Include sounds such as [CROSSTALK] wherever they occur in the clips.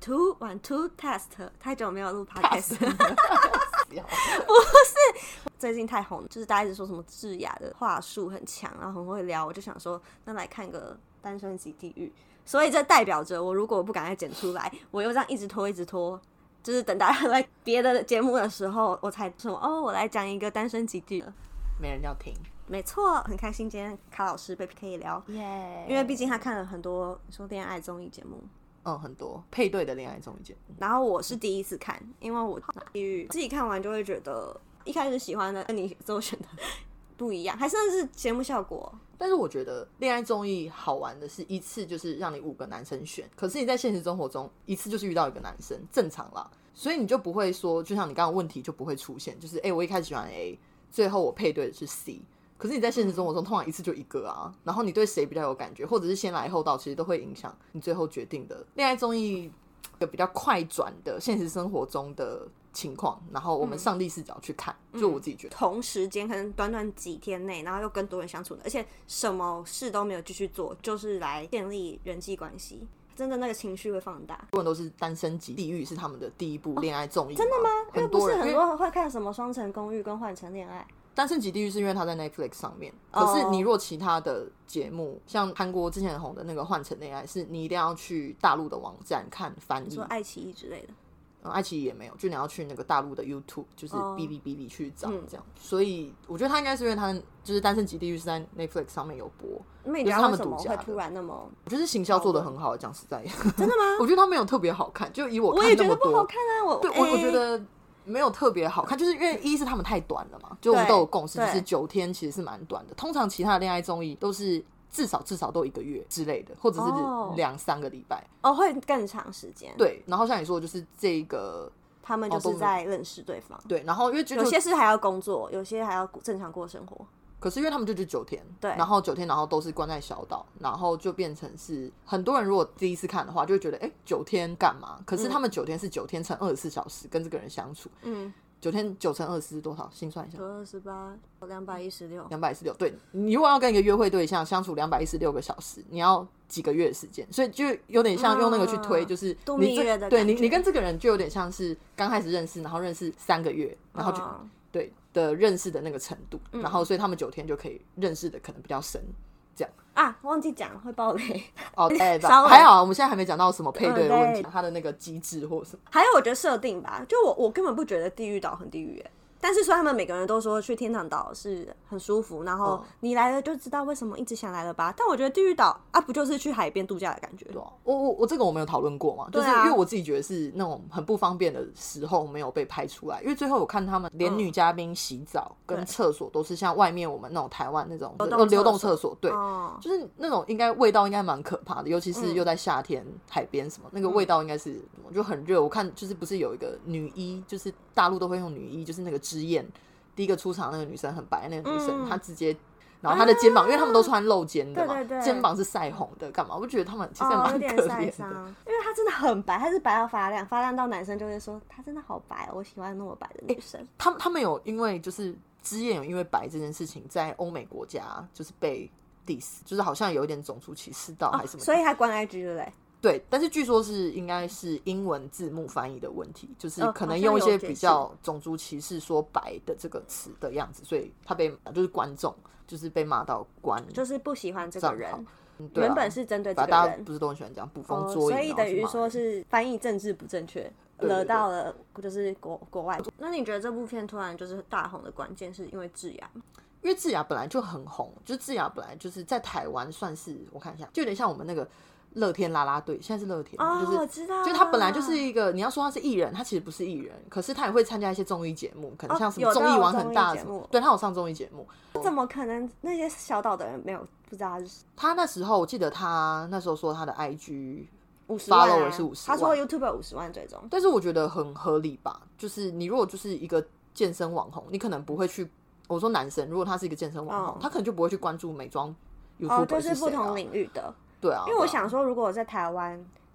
Two one two test，太久沒有錄 podcast， [LAUGHS] [LAUGHS] 不是最近太紅，就是大家一直說什麼智雅的話術很強，然後很會撩，我就想說，那來看個單身即地獄，所以這代表着我如果我不敢再剪出來，我又這樣一直拖一直拖，就是等大家來別的節目的時候，我才說：‘哦，我來講一個單身即地獄，沒人要聽，沒錯，很開心今天卡老師被可以聊，yeah、因為畢竟他看了很多說戀愛綜藝節目。嗯，很多配對的戀愛綜藝節目，然後我是第一次看，因為我自己看完就會覺得，一開始喜歡的跟你最後選的 [LAUGHS] 不一樣，還算是節目效果。但是我覺得戀愛綜藝好玩的是一次就是讓你五個男生選，可是你在現實生活中一次就是遇到一個男生，正常了，所以你就不會說，就像你剛剛問題就不會出現，就是誒、欸，我一開始喜歡 A，最後我配對的是 C。可是你在現實生活中、嗯、通常一次就一個啊，然後你對誰比較有感覺，或者是先來後到，其實都會影響你最後決定的。戀愛綜藝有比較快轉的現實生活中的情況，然後我們上帝視角去看、嗯，就我自己覺得，同時間可能短短幾天內，然後又跟多人相處，的，而且什麼事都沒有繼續做，就是來建立人際關係，真的那個情緒會放大。很多人都是單身即地獄是他們的第一部。戀愛綜藝真的嗎？又不是很多人會看什麼雙層公寓跟換乘戀愛。單身即地獄是因為它在 Netflix 上面，可是你若其他的節目，oh. 像韓國之前很紅的那個《換乘戀愛》，是你一定要去大陸的網站看翻譯，說愛奇藝之類的、嗯，愛奇藝也沒有，就你要去那個大陸的 YouTube，就是嗶哩嗶哩去找這樣、oh. 嗯。所以我覺得他應該是因為他就是《單身即地獄》是在 Netflix 上面有播，因為他,他們獨家的。突我覺得行銷做得很好，講實在。Oh. [LAUGHS] 真的嗎？我覺得他沒有特別好看，就以我看麼，的我覺得不好看啊。我對我、欸、我覺得。沒有特別好看，就是因為一是他們太短了嘛，就我們都有共識，就是九天其實是蠻短的。通常其他的戀愛綜藝都是至少至少都一個月之類的，或者是兩，哦，三個禮拜。哦，會更長時間。對，然後像你說的，就是這個他們就是在認識對方。哦，對，然後因為就就有些是還要工作，有些還要正常過生活。可是因為他們就住九天，對，然後九天，然後都是關在小島，然後就變成是很多人如果第一次看的話，就會覺得哎，九天幹嘛？可是他們九天是九天乘二十四小時跟這個人相處，嗯，九天九乘二十四多少？心算一下，九二十八，兩百一十六，兩百一十六。對，你如果要跟一個約會對象相處兩百一十六個小時，你要幾個月的時間？所以就有點像用那個去推，嗯、就是你這對你你跟這個人就有點像是剛開始認識，然後認識三個月，然後就。嗯對的認識的那個程度，嗯、然後所以他們九天就可以認識的可能比較深。這樣啊，忘記講了會爆雷 [LAUGHS] 哦、欸， [LAUGHS] 還好我們現在還沒講到什麼配對的問題，它的那個機制，或什麼，還有我覺得設定吧，就我我根本不覺得地獄島很地獄哎但是雖然他們每個人都說去天堂島是很舒服，然後你來了就知道為什麼一直想來了吧。嗯、但我覺得地獄島啊，不就是去海邊度假的感覺？對啊、我我我這個我沒有討論過嘛、啊，就是因為我自己覺得是那種很不方便的時候沒有被拍出來。因為最後我看他們連女嘉賓洗澡跟廁所都是像外面我們那種台灣那種流動廁所，對、流動廁所、哦，就是那種應該味道應該蠻可怕的，尤其是又在夏天、嗯、海邊什麼，那個味道應該是就很熱。我看就是不是有一個女一就是。大陸都會用女一，就是那個芝燕，第一個出場那個女生很白，那個女生、嗯、她直接，然後她的肩膀，啊、因為他們都穿露肩的嘛，對對對，肩膀是曬紅的，幹嘛？我就覺得他們其實蠻可憐的、哦，因為她真的很白，她是白到發亮，發亮到男生就會說她真的好白、哦，我喜歡那麼白的女生。欸、他們他們有，因為就是芝燕有因為白這件事情在歐美國家就是被 diss，就是好像有一點種族歧視到還是什麼、哦，所以她關 IG 了，對嘞。對，但是據說是應該是英文字幕翻譯的問題，就是可能用一些比較種族歧視說“白”的這個詞的樣子，所以他被就是觀眾就是被罵到關，就是不喜歡這個人。嗯啊、原本是針對這個人，大家不是都很喜歡講捕風捉影、哦，所以等於說是翻譯政治不正確，惹到了就是國國外。那你覺得這部片突然就是大紅的關鍵是因為智雅？因為智雅本來就很紅，就是、智雅本來就是在台灣算是我看一下，就有點像我們那個。樂天拉拉隊，現在是樂天、哦，就是我知道，就他本來就是一個，你要說他是藝人，他其實不是藝人，可是他也會參加一些綜藝節目，可能像什麼綜藝玩很大的、哦有有目，對，他有上綜藝節目。怎麼可能那些小島的人沒有不知道、啊，就是？他那時候我記得他那時候說他的 IG follow 五十萬、啊，是五十萬，他說 YouTuber 五十萬追蹤，但是我覺得很合理吧，就是你如果就是一個健身網紅，你可能不會去，我說男生，如果他是一個健身網紅，哦、他可能就不會去關注美妝 YouTuber，都、哦，就是不同領域的。對啊，因為我想說，如果我在台灣，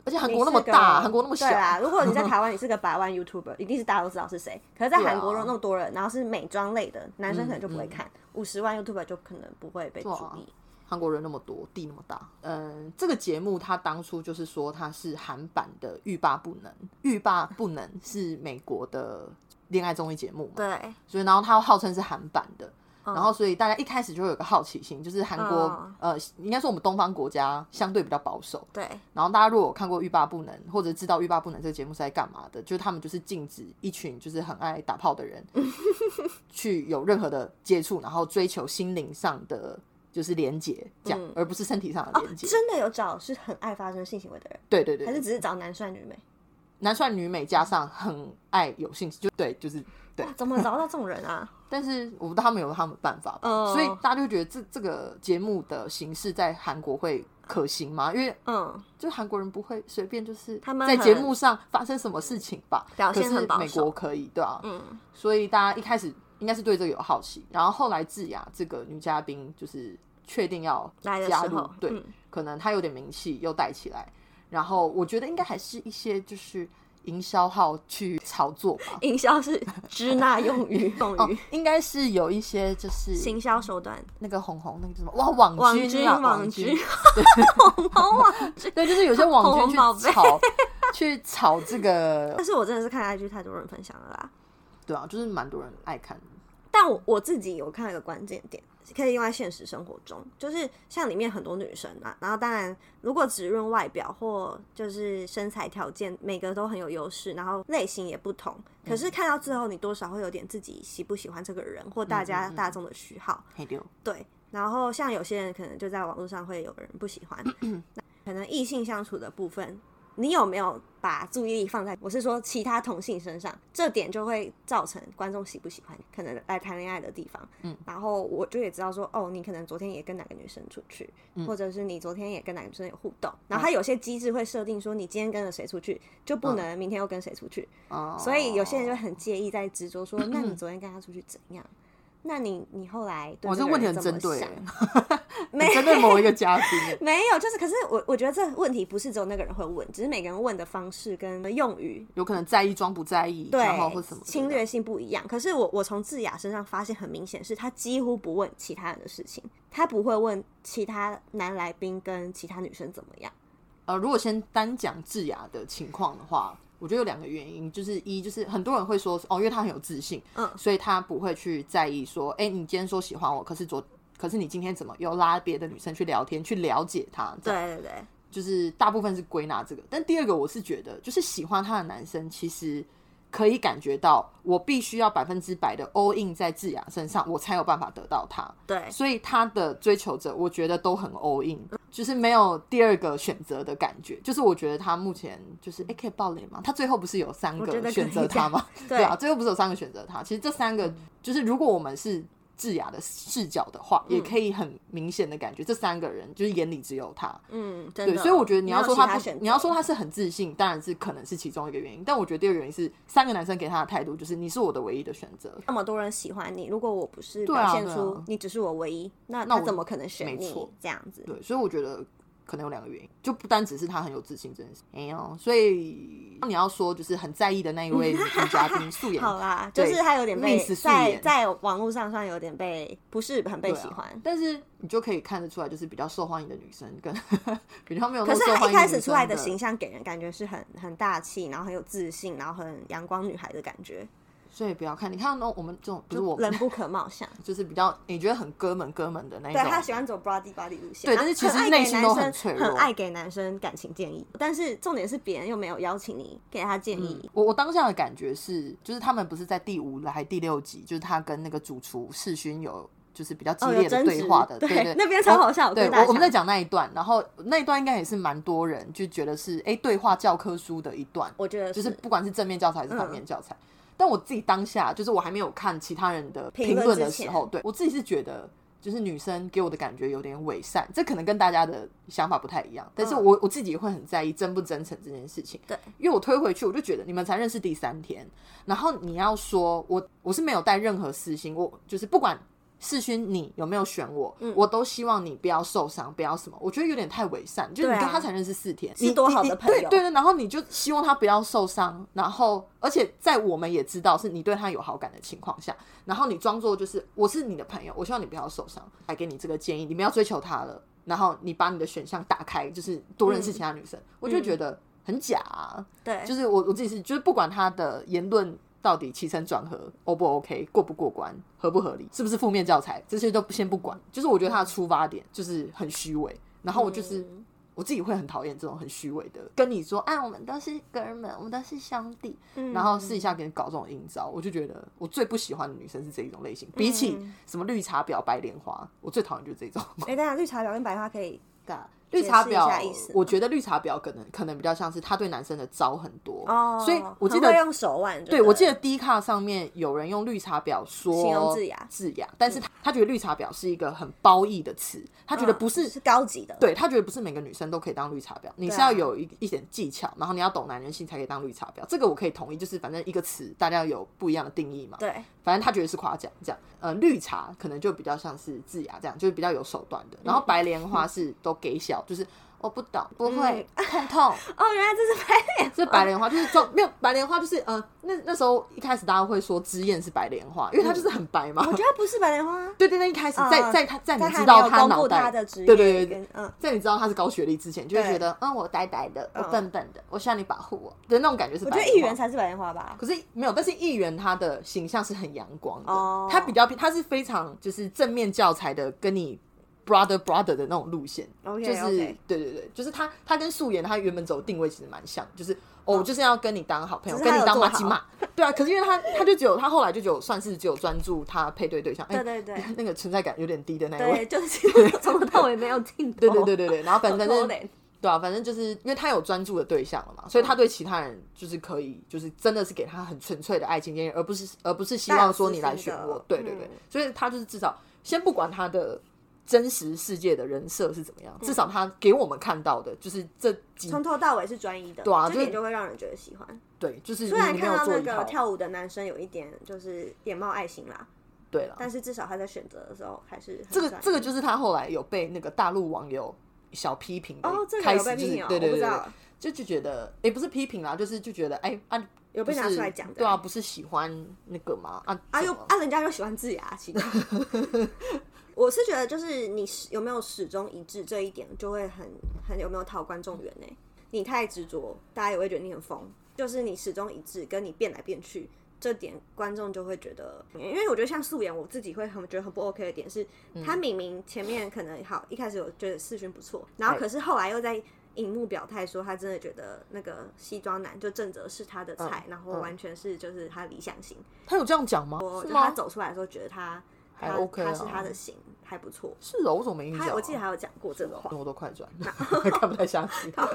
而且韓國那麼大，韓國那麼小。對，如果你在台灣，你是個百萬 YouTuber， [LAUGHS] 一定是大家都知道是誰。可是，在韓國人那麼多人，啊、然後是美妝類的，男生可能就不會看，嗯、嗯、五十萬 YouTuber 就可能不會被注意。韓國人那麼多，地那麼大，嗯，這個節目它當初就是說它是韓版的《慾罷不能》，《慾罷不能》是美國的戀愛綜藝節目，對，所以然後它號稱是韓版的。然後，所以大家一開始就會有個好奇心，就是韓國，oh. 呃，應該說我們東方國家相對比較保守。對。然後大家如果有看過《欲罷不能》，或者知道《欲罷不能》這個節目是在幹嘛的，就他們就是禁止一群就是很愛打炮的人 [LAUGHS] 去有任何的接觸，然後追求心靈上的就是連接，這樣、嗯、而不是身體上的連接。Oh, 真的有找是很愛發生性行為的人？對對對。還是只是找男帥女美？男帥女美，加上很愛有興趣，就對，就是對。怎麼找到這種人啊？但是，我不知道他們有他們的辦法吧、嗯，所以大家就覺得這這個節目的形式在韓國會可行嗎？因為，嗯，就韓國人不會隨便就是在節目上發生什麼事情吧？表現很保守，可是美國可以，對吧、啊？嗯，所以大家一開始應該是對這個有好奇，然後後來智雅這個女嘉賓就是確定要加入，對、嗯，可能她有點名氣，又帶起來。然後我覺得應該還是一些就是營銷號去炒作吧，營銷是支那用語、 [LAUGHS] 哦，用語應該是有一些就是行銷手段，那個紅紅那個什麼哇網軍網軍網，軍軍哈哈軍軍對，軍 [LAUGHS] 對，就是有些網軍去炒寶貝，去炒這個。但是我真的是看 I G 太多人分享了啦，對啊，就是蠻多人愛看，但我我自己有看了一個關鍵點。可以用在現實生活中，就是像裡面很多女生啊，然後當然如果只論外表或就是身材條件，每個都很有優勢，然後類型也不同，可是看到之後你多少會有點自己喜不喜歡這個人，嗯、或大家大眾的喜好嗯嗯嗯，對，然後像有些人可能就在網絡上會有人不喜歡，嗯，那可能異性相處的部分，你有沒有把注意力放在，我是說其他同性身上？這點就會造成觀眾喜不喜歡，可能來談戀愛的地方。嗯，然後我就也知道說，哦，你可能昨天也跟哪個女生出去，嗯、或者是你昨天也跟哪個女生有互動。然後他有些機制會設定說，你今天跟了誰出去，就不能明天又跟誰出去。哦、嗯，所以有些人就很介意在執着說、嗯，那你昨天跟他出去怎樣？那你你後來對個，我這問題很針對、啊，針對 [LAUGHS] 某一個嘉賓， [LAUGHS] 沒有，就是可是我我覺得這問題不是只有那個人會問，只是每個人問的方式跟用語，有可能在意裝不在意，然後或什麼侵略性不一樣。可是我我從智雅身上發現，很明顯是她幾乎不問其他人的事情，她不會問其他男來賓跟其他女生怎麼樣。呃，如果先單講智雅的情況的話。我覺得有兩個原因，就是一就是很多人會說哦，因為他很有自信，嗯，所以他不會去在意說，哎、欸，你今天說喜歡我，可是昨，可是你今天怎麼又拉別的女生去聊天，去了解他？對對對，就是大部分是歸納這個。但第二個，我是覺得就是喜歡他的男生其實。可以感覺到，我必須要百分之百的 all in 在智雅身上，我才有辦法得到它。對，所以它的追求者，我覺得都很 all in、嗯、就是沒有第二個選擇的感覺。就是我覺得它目前就是，a k、欸、可以爆雷嗎，它最後不是有三個選擇它嗎？ [LAUGHS] 對啊對，最後不是有三個選擇它。其實這三個、嗯、就是，如果我們是。智雅的視角的話，嗯，也可以很明顯的感覺，這三個人就是眼裡只有他。嗯，對，所以我覺得你要說他不他選，你要說他是很自信，當然是可能是其中一個原因。但我覺得第二原因是三個男生給他的態度就是你是我的唯一的選擇。那麼多人喜歡你，如果我不是表現出你只是我唯一，對啊對啊，那他怎麼可能選你？這樣子，對，所以我覺得。可能有兩個原因，就不單只是她很有自信，真的是哎呦。所以你要說就是很在意的那一位女嘉賓， [LAUGHS] 素妍好啦，就是她有點被在在網絡上算有點被不是很被喜歡，但是你就可以看得出來，就是比較受歡迎的女生跟 [LAUGHS] 比較沒有受歡迎的女生的。可是她一開始出來的形象給人感覺是很很大氣，然後很有自信，然後很陽光女孩的感覺。所以不要看，你看到我們這種不是我就人不可貌相， [LAUGHS] 就是比較你覺得很哥們哥們的那一種。對，他喜歡走 buddy buddy 路線，對，但是其實內心都很脆弱，很愛給男生感情建議。但是重點是別人又沒有邀請你給他建議。我、嗯、我當下的感覺是，就是他們不是在第五還第六集，就是他跟那個主廚世勳有就是比較激烈的對話的。哦、對，對對，對那邊超好笑。對，我們在講那一段，然後那一段應該也是蠻多人就覺得是哎、欸，對話教科書的一段。我覺得是就是不管是正面教材還是反面教材。嗯但我自己當下就是我還沒有看其他人的評論的時候，對我自己是覺得就是女生給我的感覺有點偽善，這可能跟大家的想法不太一樣。但是我、嗯、我自己也會很在意真不真誠這件事情，對，因為我推回去，我就覺得你們才認識第三天，然後你要說我我是沒有帶任何私心，我就是不管。世勳，你有沒有選我、嗯？我都希望你不要受傷，不要什麼。我覺得有點太偽善。啊、就是你跟他才認識四天，你，你多好的朋友。對對對，然後你就希望他不要受傷，然後而且在我們也知道是你對他有好感的情況下，然後你裝作就是我是你的朋友，我希望你不要受傷，來給你這個建議。你不要追求他了，然後你把你的選項打開，就是多認識其他女生。嗯、我就覺得很假、啊。對，就是我我自己是，就是不管他的言論。到底起承轉合 O 不 OK，過不過關，合不合理，是不是負面教材，這些都先不管。就是我覺得他的出發點就是很虛偽，然後我就是、嗯、我自己會很討厭這種很虛偽的，跟你說啊，我們都是哥們，我們都是兄弟、嗯，然後私底下給你搞這種陰招，我就覺得我最不喜歡的女生是這一種類型。比起什麼綠茶婊、白蓮花，我最討厭就是這種。哎、欸，當然，綠茶婊跟白花可以的。綠茶婊，我覺得綠茶婊可能可能比較像是她對男生的招很多，哦、所以我記得會用手腕。對，我記得 D 卡上面有人用綠茶婊說“形容智雅。智雅，但是他、嗯、他覺得綠茶婊是一個很褒義的詞，他覺得不是、嗯、是高級的，對他覺得不是每個女生都可以當綠茶婊、啊，你是要有一一點技巧，然後你要懂男人心才可以當綠茶婊。這個我可以同意，就是反正一個詞大家有不一樣的定義嘛。對，反正他覺得是誇獎這樣。呃，綠茶可能就比較像是智雅這樣，就是比較有手段的。然後白蓮花是都給小。 [LAUGHS] 就是我不懂，不會、嗯、痛痛。 [LAUGHS] 哦，原來這是白蓮，這白蓮花， [LAUGHS] 花就是裝沒有白蓮花，就是嗯，那那時候一開始大家會說智雅是白蓮花，嗯，因為她就是很白嘛。我覺得不是白蓮花，啊，對對，對那一開始在、嗯、在她在，在你知道他腦袋，的對對對，嗯，在你知道他是高學歷之前，就會覺得嗯，我呆呆的，我笨笨的，嗯、我需要你保護我，的、就是、那種感覺是白蓮花。我覺得議員才是白蓮花吧？可是沒有，但是議員他的形象是很陽光的，哦，他比較他是非常就是正面教材的跟你。Brother, brother 的那種路線，okay, 就是，okay. 對對對，就是他他跟素妍他原本走定位其實蠻像，就是哦，哦我就是要跟你當好朋友，跟你當媽吉馬，對啊。可是因為他他就只有他後來就只有算是只有專注他配對對象、 [LAUGHS] 欸，對對對、欸，那個存在感有點低的那一位，就是從頭 [LAUGHS] 到尾沒有進步， [LAUGHS] 對對對對對。然後反正就正、是、對啊，反正就是因為他有專注的對象了嘛，所以他對其他人就是可以，就是真的是給他很純粹的愛情經驗，而不是而不是希望說你來選我，對對對、嗯。所以他就是至少先不管他的。真實世界的人設是怎麼樣？至少他給我們看到的，嗯、就是這幾從頭到尾是專一的，對啊，這點就，就會讓人覺得喜歡。對，就是雖然看到那個跳舞的男生有一點就是眼冒愛心啦，對了，但是至少他在選擇的時候還是很這個這個就是他後來有被那個大陸網友小批評哦，開、這、心、個、有被批評、喔，就是、對，對對對，就就覺得也、欸、不是批評啦，就是就覺得哎、欸、啊、就是，有被拿出來講、欸，對啊，不是喜歡那個嗎？啊啊又啊人家又喜歡智雅、啊，其他。 [LAUGHS] 我是覺得，就是你有沒有始終一致這一點，就會很很有沒有討觀眾緣呢？你太執着，大家也會覺得你很瘋。就是你始終一致，跟你變來變去，這點觀眾就會覺得。因為我覺得像素妍，我自己會很覺得很不 OK 的點是，他明明前面可能好、嗯、一開始我覺得世勳不錯，然後可是後來又在熒幕表態說他真的覺得那個西裝男就鄭哲是他的菜、嗯，然後完全是就是他理想型。他有這樣講嗎？我就是他走出來的時候覺得他。還 OK，他是他的型還、OK 啊、還不錯。是哦、哦、我怎麼沒印象、啊？我記得還有講過這種話。我都快轉 [LAUGHS] 了，他不太相信。他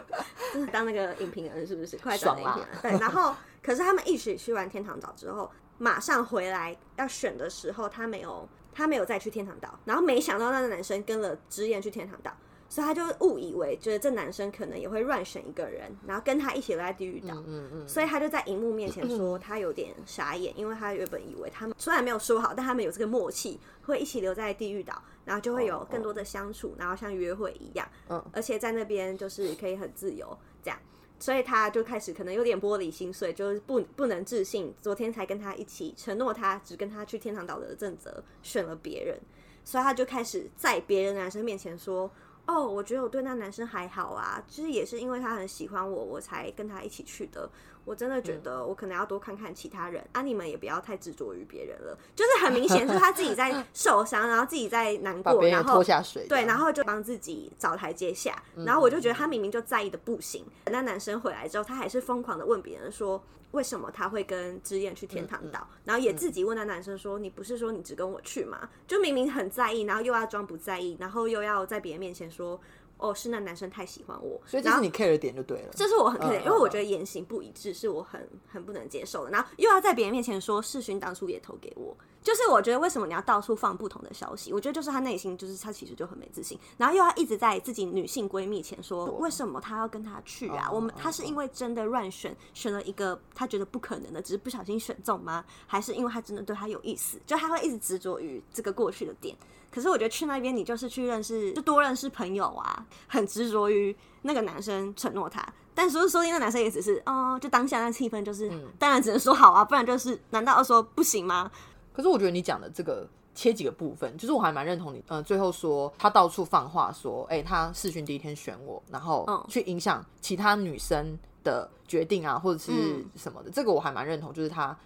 就是當那個影評人是不是？快轉了影評人。對，然後可是他們一起去玩天堂島之後， [LAUGHS] 馬上回來要選的時候，他沒有，他沒有再去天堂島。然後沒想到那個男生跟了直言去天堂島。所以他就誤以為，覺得這男生可能也會亂選一個人，然後跟他一起留在地獄島。嗯嗯,嗯。所以他就在熒幕面前說他有點傻眼，嗯嗯因為他原本以為他們雖然沒有說好，但他們有這個默契，會一起留在地獄島，然後就會有更多的相處，哦哦然後像約會一樣。嗯、哦。而且在那邊就是可以很自由、哦、這樣，所以他就開始可能有點玻璃心碎，就是不不能置信。昨天才跟他一起承諾，他只跟他去天堂島的正則選了別人，所以他就開始在別人的男生面前說。哦，我覺得我對那男生還好啊，其實也是因為他很喜歡我，我才跟他一起去的。我真的覺得我可能要多看看其他人，嗯、啊！你們也不要太執着於別人了。就是很明顯是他自己在受傷， [LAUGHS] 然後自己在難過，把別人拖下水然後，對，然後就幫自己找台階下，嗯嗯嗯。然後我就覺得他明明就在意的不行。等、嗯嗯嗯、那男生回來之後，他還是瘋狂的問別人說為什麼他會跟芝燕去天堂島、嗯嗯嗯，然後也自己問那男生說嗯嗯你不是說你只跟我去嗎？就明明很在意，然後又要裝不在意，然後又要在別人面前說。哦，是那男生太喜歡我，所以這是你 care 的點就對了。這是我很 care 的。哦，因為我覺得言行不一致，哦，是我很很不能接受的。然後又要在別人面前說世勳當初也投給我。就是我覺得為什麼你要到處放不同的消息？我覺得就是他內心，就是他其實就很沒自信，然後又要一直在自己女性閨蜜前說，為什麼他要跟他去啊？我們他是因為真的亂選，選了一個他覺得不可能的，只是不小心選中嗎？還是因為他真的對他有意思？就他會一直執着於這個過去的點。可是我覺得去那邊你就是去認識，就多認識朋友啊。很執着於那個男生承諾他，但說，說的那個男生也只是哦，就當下那氣氛就是當然只能說好啊，不然就是難道要說不行嗎？可是我覺得你講的這個切幾個部分，就是我還蠻認同你。嗯、呃，最後說他到處放話說，誒、欸，他試訓第一天選我，然後去影響其他女生的決定啊，或者是什麼的，嗯、這個我還蠻認同。就是他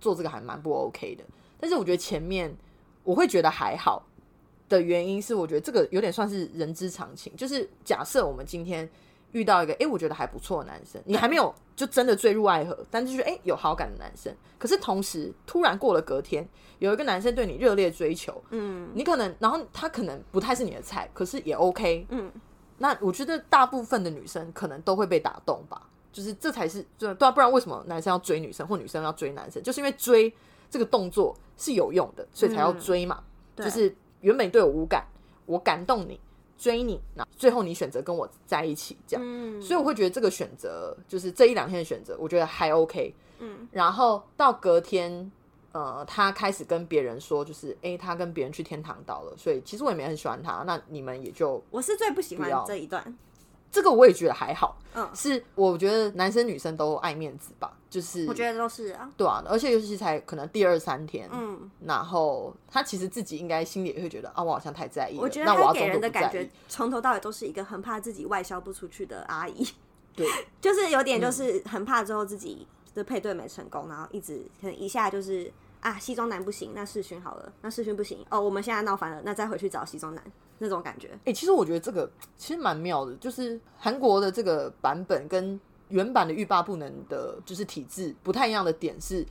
做這個還蠻不 OK 的。但是我覺得前面我會覺得還好的原因是，我覺得這個有點算是人之常情。就是假設我們今天。遇到一個哎、欸，我覺得還不錯的男生，你還沒有就真的墜入愛河，但就是哎、欸、有好感的男生。可是同時突然過了隔天，有一個男生對你熱烈追求，嗯，你可能然後他可能不太是你的菜，可是也 OK，嗯，那我覺得大部分的女生可能都會被打動吧，就是這才是就對啊，不然為什麼男生要追女生或女生要追男生，就是因為追這個動作是有用的，所以才要追嘛，嗯、對，就是原本對我無感，我感動你。追你，那最後你選擇跟我在一起，這樣。嗯，所以我會覺得這個選擇就是這一兩天的選擇，我覺得還 OK。嗯，然後到隔天，呃，他開始跟別人說，就是誒他跟別人去天堂島了，所以其實我也沒很喜歡他。那你們也就，我是最不喜歡這一段。這個我也覺得還好，嗯，是我覺得男生女生都愛面子吧，就是我覺得都是啊，對啊，而且尤其是才可能第二三天，嗯，然後他其實自己應該心裡也會覺得啊，我好像太在意，我覺得他給人的感覺從頭到尾都是一個很怕自己外銷不出去的阿姨，對， [LAUGHS] 就是有點就是很怕之後自己的配對沒成功，嗯、然後一直可能一下就是。啊，西裝男不行，那世勳好了，那世勳不行，哦、oh,，我們現在鬧翻了，那再回去找西裝男那種感覺。誒、欸，其實我覺得這個其實蠻妙的，就是韓國的這個版本跟原版的慾罷不能的，就是體制不太一樣的點是，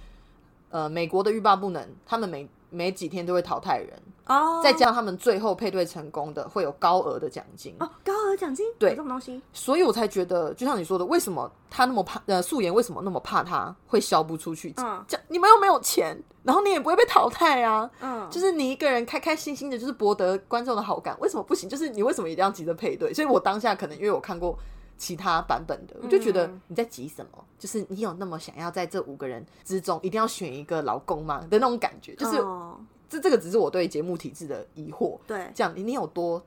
呃，美國的慾罷不能，他們每每幾天都會淘汰人。哦、oh,，再加上他們最後配對成功的會有高額的獎金哦，oh, 高額獎金，對，這種東西？所以我才覺得，就像你說的，為什麼他那麼怕呃素妍，為什麼那麼怕他會銷不出去？嗯、oh.，這你們又沒有錢，然後你也不會被淘汰啊，嗯、oh.，就是你一個人開開心心的，就是博得觀眾的好感，oh. 為什麼不行？就是你為什麼一定要急着配對？所以我當下可能因為我看過其他版本的，我就覺得你在急什麼？Oh. 就是你有那麼想要在這五個人之中一定要選一個老公嗎的那種感覺？Oh. 就是。這這個只是我對節目體制的疑惑。對，這樣你有多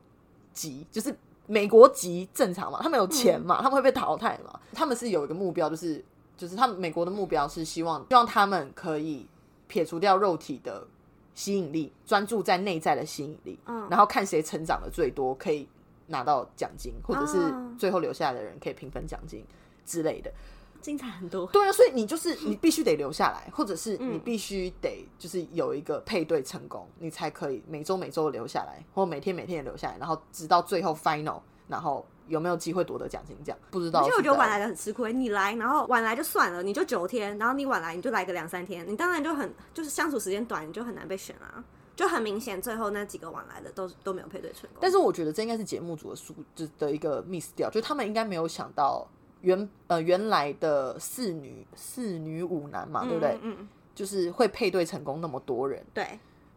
集？就是美國集正常嘛？他們有錢嘛、嗯？他們會被淘汰嘛？他們是有一個目標，就是就是他們美國的目標是希望，希望他們可以撇除掉肉體的吸引力，專注在內在的吸引力，嗯、然後看誰成長的最多，可以拿到獎金，或者是最後留下來的人可以平分獎金之類的。精彩很多，對啊，所以你就是你必須得留下來， [LAUGHS] 或者是你必須得就是有一個配對成功，嗯、你才可以每周每周留下來，或每天每天也留下來，然後直到最後 final，然後有沒有機會奪得獎金這樣，不知道。其實我覺得晚來的很吃虧，你來然後晚來就算了，你就九天，然後你晚來你就來個兩三天，你當然就很就是相處時間短，你就很難被選啊，就很明顯最後那幾個晚來的都都沒有配對成功。但是我覺得這應該是節目組的輸，就的一個 miss 掉，就他們應該沒有想到。原呃原來的四女四女五男嘛，嗯、對不對？嗯，就是會配對成功那麼多人。對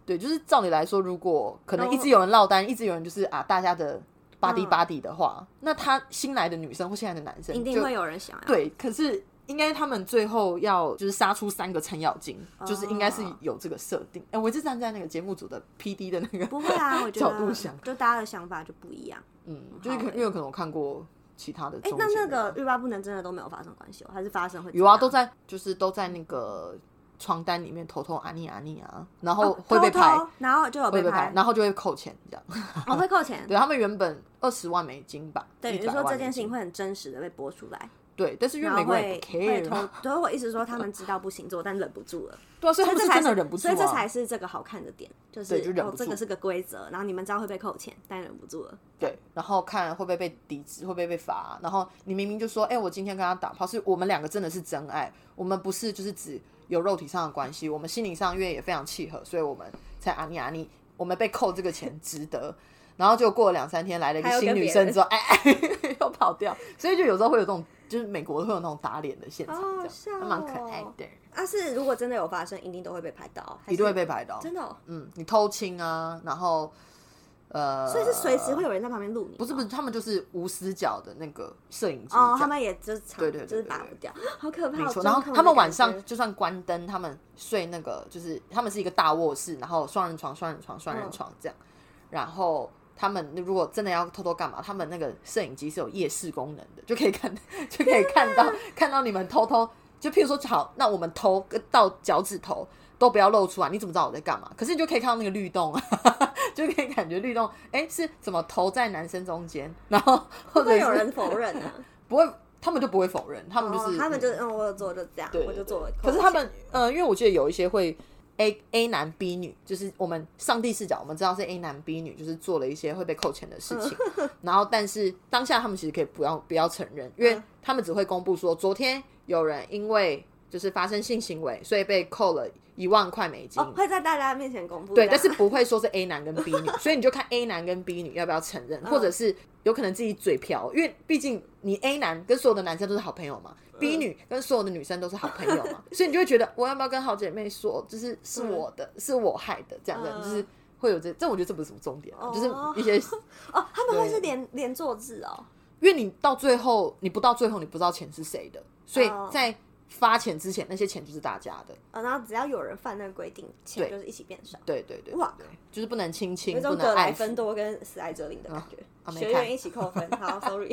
對，就是照理來說，如果可能一直有人落單，嗯、一直有人就是啊，大家的巴蒂巴蒂的話、嗯，那他新來的女生或新來的男生一定會有人想。對，可是應該他們最後要就是殺出三個程咬金、哦，就是應該是有這個設定。哎、欸，我就站在那個節目組的 P D 的那個、啊、 [LAUGHS] 角度想，我覺得就大家的想法就不一樣。嗯，就是、可能因為有可能我看過。其他的,的、啊，哎、欸，那那個欲罷不能，真的都沒有發生關係哦，還是發生會？有啊，都在，就是都在那個床單裡面偷偷啊膩啊膩啊，然後會被拍，哦、偷偷然後就有被拍,會被拍，然後就會扣錢這樣，哦，會扣錢。 [LAUGHS] 對他們原本二十萬美金吧，對，比如說這件事情會很真實的被播出來。對，但是因為每個人會會投，都會一直說他們知道不行做， [LAUGHS] 但忍不住了。對、啊、所以他們才真的忍不住、啊所。所以這才是這個好看的點，就是對，就這個是個規則，然後你們知道會被扣錢，但忍不住了。對，然後看會不會被抵制，會不會被罰、啊。然後你明明就說，哎、欸，我今天跟他打炮，是我們兩個真的是真愛，我們不是就是指有肉體上的關係，我們心理上因為也非常契合，所以我們才阿尼阿尼，我們被扣這個錢值得。 [LAUGHS] 然後就過了兩三天，來了一個新女生之後，哎，哎 [LAUGHS] 又跑掉。所以就有時候會有這種。就是美國會有那種打臉的現場，這樣，oh, 好像喔，還蠻可愛的。但，啊，是如果真的有發生，一定都會被拍到，一定會被拍到。真的，喔。嗯，你偷親啊，然後呃、所以是隨時會有人在旁邊錄你。不是不是，他們就是無死角的那個攝影機。哦，oh，他們也就是對對，對，對對，就是拔不掉，好可怕。沒錯，然後他們晚上就算關燈，他們睡那個就是他們是一個大臥室，然後雙人床、雙人床、雙人床這樣，oh. 然後。他們如果真的要偷偷幹嘛，他們那個攝影機是有夜視功能的，就可以看，就可以看到、啊、看到你們偷偷就譬如說，好，那我們頭到腳趾頭都不要露出來，你怎麼知道我在幹嘛？可是你就可以看到那個律動啊， [LAUGHS] 就可以感覺律動哎、欸，是怎麼頭在男生中間，然後或者是、會不會有人否認呢、啊？不會，他們就不會否認，他們就是、哦、他們就嗯，嗯，我有做就這樣，對對對，我就做一。可是他們嗯、呃，因為我記得有一些會。A A 男 B 女，就是我們上帝視角，我們知道是 A 男 B 女，就是做了一些會被扣錢的事情。 [LAUGHS] 然後，但是當下他們其實可以不要不要承認，因為他們只會公布說，昨天有人因為就是發生性行為，所以被扣了。一萬塊美金、哦、會在大家面前公布，對，但是不會說是 A 男跟 B 女， [LAUGHS] 所以你就看 A 男跟 B 女要不要承認，嗯、或者是有可能自己嘴瓢，因為畢竟你 A 男跟所有的男生都是好朋友嘛、嗯、，B 女跟所有的女生都是好朋友嘛、嗯，所以你就會覺得我要不要跟好姐妹說，就是是我的，嗯、是我害的，這樣的、嗯、就是會有這，這我覺得這不是什麼重點，嗯、就是一些哦，哦，他們會是連連坐制哦，因為你到最後你不到最後你不知道錢是誰的，所以在。嗯發錢之前，那些錢就是大家的、哦。然後只要有人犯那個規定，錢就是一起變少。對對對，對，對，哇，就是不能親親，有種格蘭芬多跟史萊哲林的感覺、哦。學員一起扣分，哦哦、沒看好，sorry。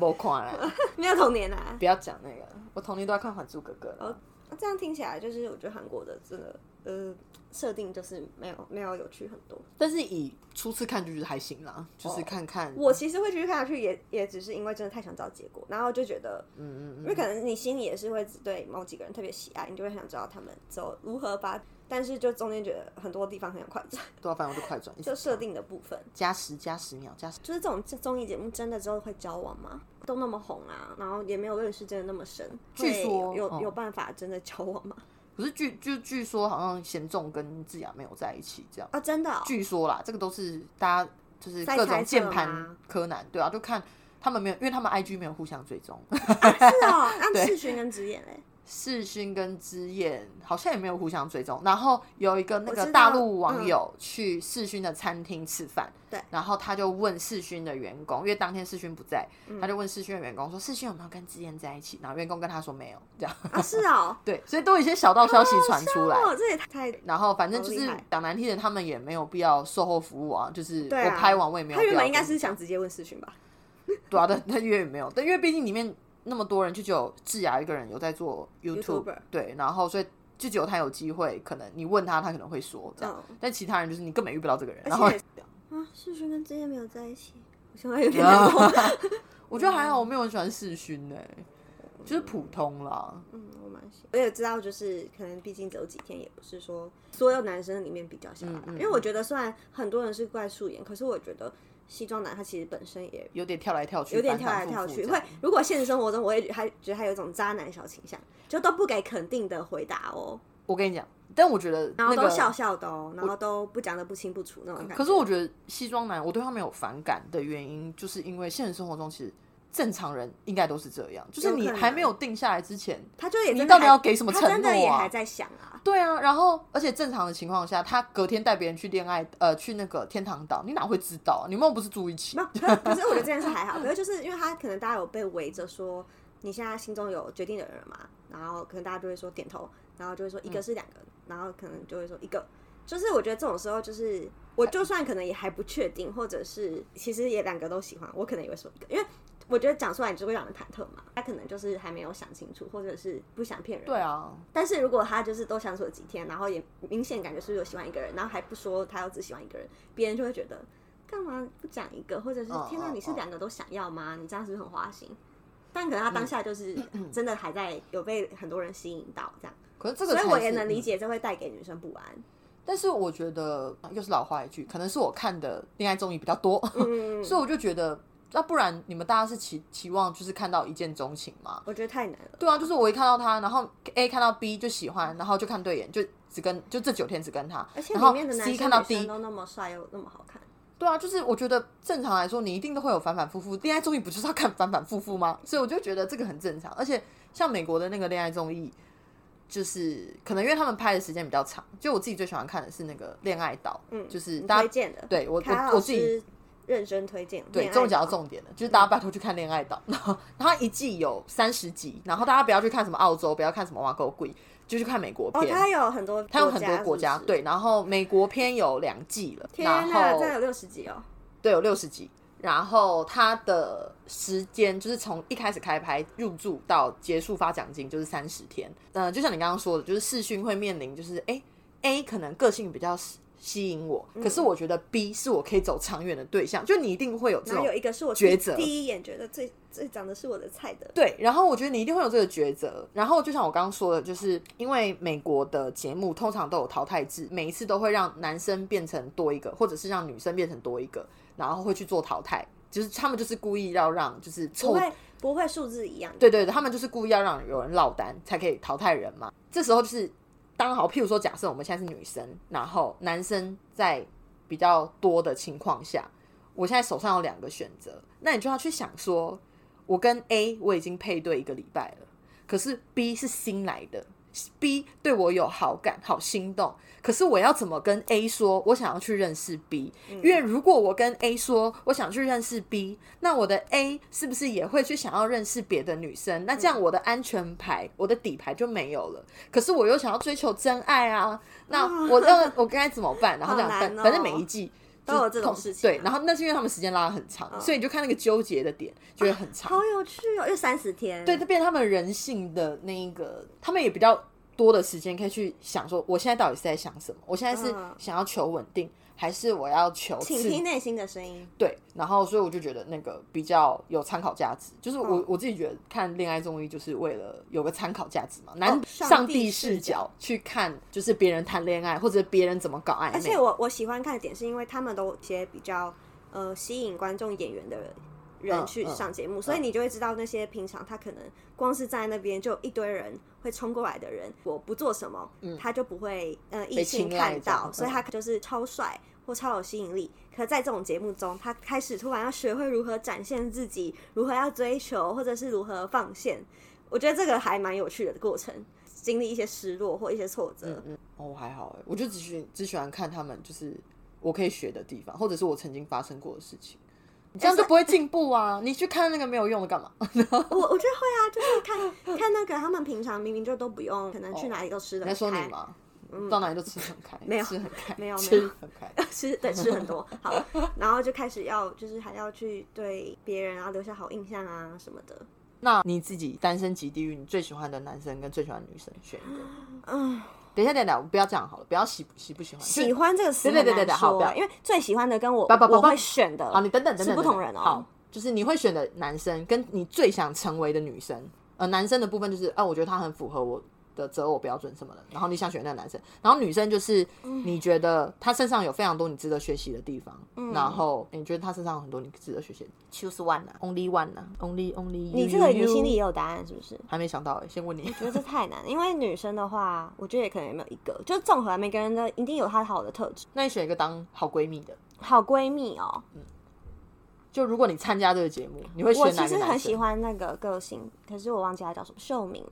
沒看、哦、沒有童年啊！不要講那個，我童年都要看還哥哥《還珠格格》了。這樣聽起來，就是我覺得韓國的真的。呃，設定就是沒有沒有有趣很多，但是以初次看就是還行啦，oh, 就是看看。我其實會繼續看下去也，也也只是因為真的太想找結果，然後就覺得，嗯嗯嗯，因為可能你心裡也是會只對某幾個人特別喜愛，你就會想知道他們走如何發，但是就中間覺得很多地方很快轉，對啊，反正就快轉。 [LAUGHS] 就設定的部分加十加十秒加十，就是這種綜藝節目真的之後會交往嗎？都那麼紅啊，然後也沒有認識真的那麼深，據說有有，有辦法真的交往嗎？哦不是據就據說好像賢中跟智雅沒有在一起這樣啊。真的、哦？據說啦，這個都是大家就是各種鍵盤柯南對啊，就看他們沒有，因為他們 I G 沒有互相追蹤。是啊，按、 [LAUGHS] 喔啊、世勳跟芝燕嘞？世勳跟芝燕好像也沒有互相追蹤，然後有一個那個大陸網友去世勳的餐廳吃飯，對、嗯嗯，然後他就問世勳的員工，因為當天世勳不在、嗯，他就問世勳的員工說世勳、嗯、有沒有跟芝燕在一起，然後員工跟他說沒有，這樣啊，是哦，對，所以都有一些小道消息傳出來，哦，哦這也太，然後反正就是講難聽的，他們也沒有必要售後服務啊，就是我拍完我也沒有他，他原本應該是想直接問世勳吧， [LAUGHS] 對啊，但但因為也沒有，但因為畢竟裡面。那麼多人就只有智雅一個人有在做 YouTube、YouTuber，對，然後所以就只有他有機會，可能你問他，他可能會說這樣，oh. 但其他人就是你根本遇不到這個人。然後啊，世勳跟芝燕沒有在一起，我想在也覺、yeah. [LAUGHS] [LAUGHS] 我覺得還好，我沒有很喜歡世勳呢、欸，yeah. 就是普通啦。嗯，我蠻喜，我也知道，就是可能畢竟只有幾天有，也不是說所有男生裡面比較像、啊嗯嗯。因為我覺得雖然很多人是怪素妍，可是我覺得。西裝男他其實本身也有點跳來跳去，反反覆覆，有點跳來跳去。因為如果現實生活中，我也還覺得他有一種渣男小傾向，就都不給肯定的回答哦。我跟你講，但我覺得、那個、然後都笑笑的哦，然後都不講得不清不楚那種感覺。可是我覺得西裝男，我對他沒有反感的原因，就是因為現實生活中其實。正常人應該都是這樣、啊，就是你還沒有定下來之前，他就也你到底要給什麼承諾啊，他真的也還在想啊？對啊，然後而且正常的情況下，他隔天帶別人去戀愛，呃，去那個天堂島，你哪會知道、啊？你們不是住一起？沒可是我覺得這件事還好， [LAUGHS] 可是就是因為他可能大家有被圍着說，你現在心中有決定的人嘛，然後可能大家就會說點頭，然後就會說一個是兩個、嗯，然後可能就會說一個。就是我覺得這種時候，就是我就算可能也還不確定，或者是其實也兩個都喜歡，我可能也會說一個，因為。我覺得講出來你就會讓人忐忑嘛，他可能就是還沒有想清楚，或者是不想騙人。對啊，但是如果他就是都相處了幾天，然後也明顯感覺是不是有喜歡一個人，然後還不說他要只喜歡一個人，別人就會覺得幹嘛不講一個，或者是 oh, oh, oh. 天哪，你是兩個都想要嗎？你這樣是不是很花心？但可能他當下就是真的還在有被很多人吸引到這樣。可是這個是，所以我也能理解這會帶給女生不安、嗯。但是我覺得又是老話一句，可能是我看的戀愛綜藝比較多，嗯、 [LAUGHS] 所以我就覺得。那、啊、不然你們大家是期期望就是看到一見鍾情嗎？我覺得太難了。對啊，就是我一看到他，然後 A 看到 B 就喜歡，然後就看對眼，就只跟就這九天只跟他。而且裡面的男生，C 看到 D，女生都那麼帥又那麼好看。對啊，就是我覺得正常來說你一定都會有反反复复，戀愛綜藝不就是要看反反复覆嗎？所以我就覺得這個很正常。而且像美國的那個戀愛綜藝，就是可能因為他們拍的時間比較長，就我自己最喜歡看的是那個《戀愛島》，嗯，就是大家建的，對我我我自己。認真推薦，對，終於講到重點了，就是大家拜托去看《戀愛島》嗯，它一季有三十集，然後大家不要去看什麼澳洲，不要看什麼瓦狗貴，就去看美國片。它有很多，它有很多國家,多國家是是，對，然後美國片有兩季了。天哪，然後現在有六十集哦。對，有六十集，然後它的時間就是從一開始開拍入住到結束發獎金，就是三十天。嗯、呃，就像你剛剛說的，就是試訓會面臨，就是哎，A 可能個性比較。吸引我，可是我覺得 B 是我可以走長遠的對象，嗯。就你一定會有這種抉擇。第一眼覺得最最長的是我的菜的。對，然後我覺得你一定會有這個抉擇。然後就像我剛剛說的，就是因為美國的節目通常都有淘汰制，每一次都會讓男生變成多一個，或者是讓女生變成多一個，然後會去做淘汰。就是他們就是故意要讓就是湊不會不會數字一樣。對，對對，他們就是故意要讓有人落單才可以淘汰人嘛。這時候就是。當好，譬如說，假設我們現在是女生，然後男生在比較多的情況下，我現在手上有兩個選擇，那你就要去想說，我跟 A 我已經配對一個禮拜了，可是 B 是新來的。B 對我有好感，好心動。可是我要怎麼跟 A 說？我想要去認識 B。因為如果我跟 A 說我想去認識 B，那我的 A 是不是也會去想要認識別的女生？那這樣我的安全牌、我的底牌就沒有了。可是我又想要追求真愛啊！那我那 [LAUGHS] 我該怎麼辦？然後這樣，反、哦、反正每一季。都有這種事情、啊，對，然後那是因為他們時間拉的很長、哦，所以你就看那個糾結的點就會很長、啊。好有趣哦，又三十天，對，這變成他們人性的那一個，他們也比較多的時間可以去想說，我現在到底是在想什麼？我現在是想要求穩定、哦。嗯還是我要求，請聽內心的聲音。對，然後所以我就覺得那個比較有參考價值，就是我、嗯、我自己覺得看戀愛綜藝就是為了有個參考價值嘛，男、哦、上帝視角，上帝視角去看就是別人談戀愛或者別人怎麼搞曖昧。而且我我喜歡看的點是因為他們都些比較呃吸引觀眾演員的人。人去上節目，uh, uh, uh, 所以你就會知道那些平常他可能光是在那邊就一堆人會衝過來的人，我不做什麼，嗯、他就不會呃異性看到，所以他就是超帥或超有吸引力。嗯、可在這種節目中，他開始突然要學會如何展現自己，如何要追求，或者是如何放線。我覺得這個還蠻有趣的過程，經歷一些失落或一些挫折。嗯哦、嗯 oh, 還好哎，我就只喜只喜歡看他們，就是我可以學的地方，或者是我曾經發生過的事情。這樣就不會進步啊！ [LAUGHS] 你去看那個沒有用的幹嘛？我我覺得會啊，就是看看那個他們平常明明就都不用，可能去哪裡都吃的開、哦、沒說你嗎、嗯？到哪裡都吃很開， [LAUGHS] 沒有吃很開，沒有吃很開，吃,吃對吃很多 [LAUGHS] 好，然後就開始要就是還要去對別人啊留下好印象啊什麼的。那你自己單身即地獄你最喜歡的男生跟最喜歡的女生選一個。 [LAUGHS] 嗯等一下，等等，我不要這樣好了，不要喜不喜不喜歡，喜歡這個詞。對對對好，不要，因為最喜歡的跟我把把把我會選的。好，你等等等等，是不同人哦。好，就是你會選的男生，跟你最想成為的女生，呃，男生的部分就是，哎、呃，我覺得他很符合我的擇偶標準什麼的，然後你想選那個男生，然後女生就是你覺得他身上有非常多你值得學習的地方、嗯，然後你覺得他身上有很多你值得學習、嗯。Choose one 啊，Only one 啊，Only only。你這個你心裡也有答案是不是？還沒想到哎、欸，先問你。我覺得這太難了，因為女生的話，我覺得也可能也沒有一個，就是綜合來每個人的一定有他好的特質。那你選一個當好閨蜜的。好閨蜜哦，嗯，就如果你參加這個節目，你會選男生，我其實很喜歡那個個性，可是我忘記他叫什麼，秀敏。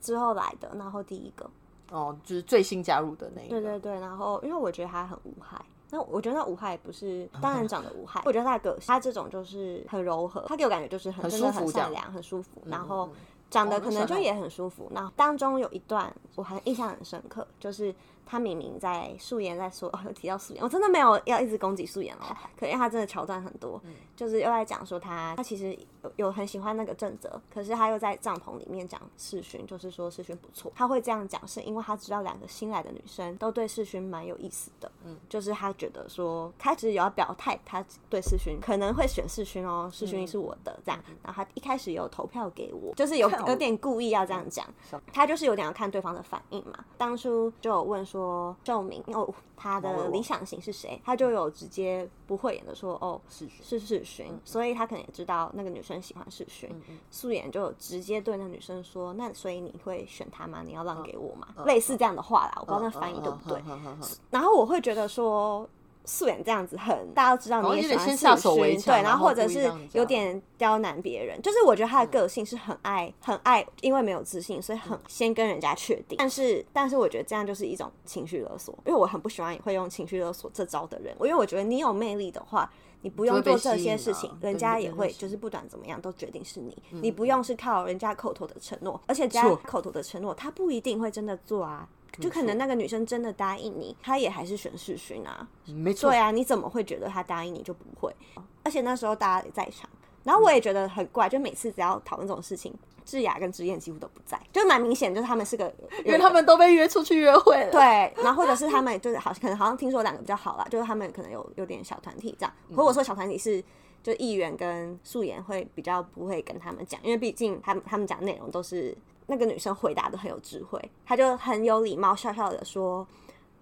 之後來的，然後第一個哦，就是最新加入的那一個，對對對，然後因為我覺得他很無害，那我覺得他無害不是、okay. 當然長得無害，我覺得他的個性，他這種就是很柔和，他給我感覺就是很很很善良，很舒服，然後長得可能就也很舒服。嗯嗯嗯，然後舒服哦、那然後當中有一段我還印象很深刻，就是。他明明在素妍，在說、哦、有提到素妍，我真的沒有要一直攻擊素妍哦。 [LAUGHS] 可因為他真的橋段很多、嗯，就是又在講說他他其實有有很喜歡那個正澤，可是他又在帳篷裡面講世勳，就是說世勳不錯。他會這樣講，是因為他知道兩個新來的女生都對世勳蠻有意思的。嗯，就是他覺得說開始有要表態，他對世勳可能會選世勳哦、喔，世勳是我的、嗯、這樣。然後他一開始有投票給我，就是有有點故意要這樣講、嗯，他就是有點要看對方的反應嘛。當初就有問說。說趙明哦，他的理想型是誰？他就有直接不諱言的說，哦，是是世勳，嗯嗯嗯，所以他可能也知道那個女生喜歡世勳。嗯嗯，素妍就直接對那女生說，那所以你會選他嗎？你要讓給我嗎？嗯嗯，類似這樣的話啦，我不知道那翻譯對不對，哦哦哦哦。然後我會覺得說。素妍這樣子很，大家都知道你也喜歡、哦、先下手為強，對，然後或者是有點刁難別人，就是我覺得他的個性是很愛，嗯、很愛，因為沒有自信，所以很先跟人家確定、嗯。但是，但是我覺得這樣就是一種情緒勒索，因為我很不喜歡會用情緒勒索這招的人，因為我覺得你有魅力的話。你不用做這些事情，人家也會就是不管怎麼樣都決定是你。嗯，你不用是靠人家口頭的承諾，而且人家口頭的承諾他不一定會真的做啊。就可能那個女生真的答應你，他也還是選世勛啊，沒錯。對啊，你怎麼會覺得她答應你就不會？而且那時候大家也在場，然後我也覺得很怪，就每次只要討論這種事情。智雅跟芝燕幾乎都不在，就蠻明顯，就是他們是個，因為他們都被約出去約會了。對，然後或者是他們，就是好像 [LAUGHS] 好可能好像聽說兩個比較好啦，就是他們可能有有點小團體這樣。如、嗯、果我說小團體是，就議員跟素妍會比較不會跟他們講，因為畢竟他們他們講內容都是那個女生回答的，很有智慧，他就很有禮貌笑笑的說，